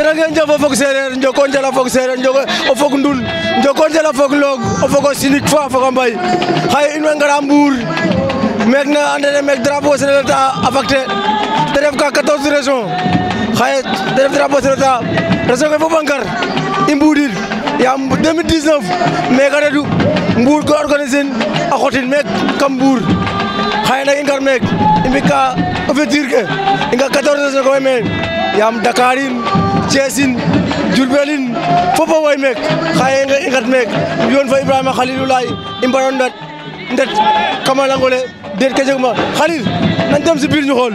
jërë ngeen jëf o fog seereer njokonjal jala fog seereer o fog ndul njokonjal a fog loog o fog o sinig fo a fog o mbay xaye in way ngara Mbour meek na ande ne meek drapeau Sénégal ta affecté te ref ka 14 région xaye te ref drapeau Sénégal ta région ke fop a ngar i mbuudin yaam 2019 meek a redu Mbour ko organiser a xotin meek kam Mbour xaye nak i ngar meek i mbi ka ouverture ke i nga 14 région ke way meen yaam Dakar in Thiesine Diourbelin fopo way mek xaye i nget mek yoon fa Ibrahima Khalilou Laye i mbaro ndat ndet kama lang ole deet ke jeguma Khalil nañ dem si ñu xool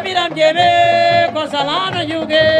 Biram Jeme ko salana juge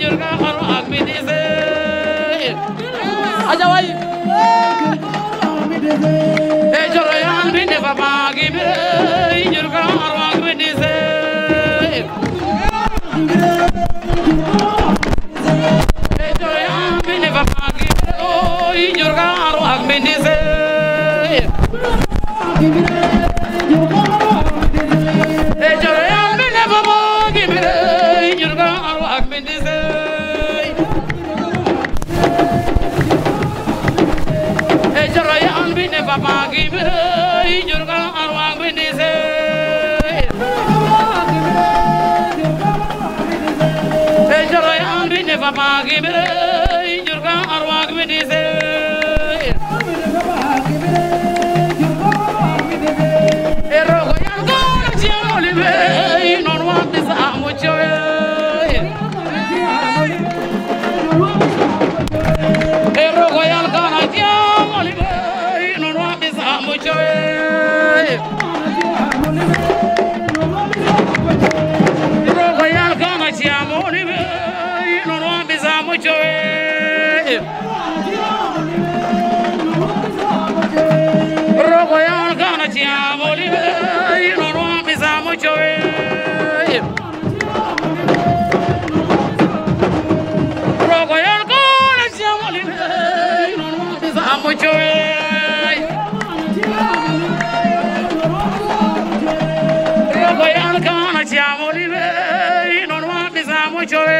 jurga xaru ak bidise aja way e joro yan binde fa maagi be jurga xaru ak bidise e joro yan binde fa maagi be jurga xaru ak bidise diavoli non rompiamo cioè rogo il cuore diavoli non rompiamo cioè rogo il cuore diavoli non rompiamo cioè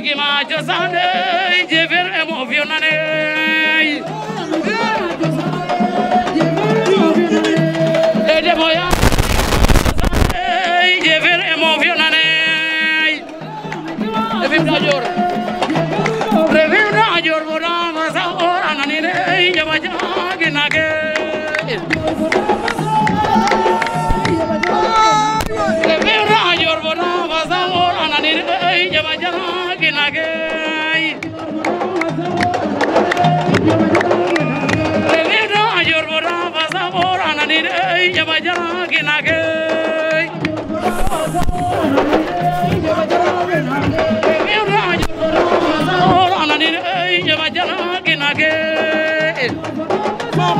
bigi ma cosaan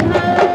Thank you.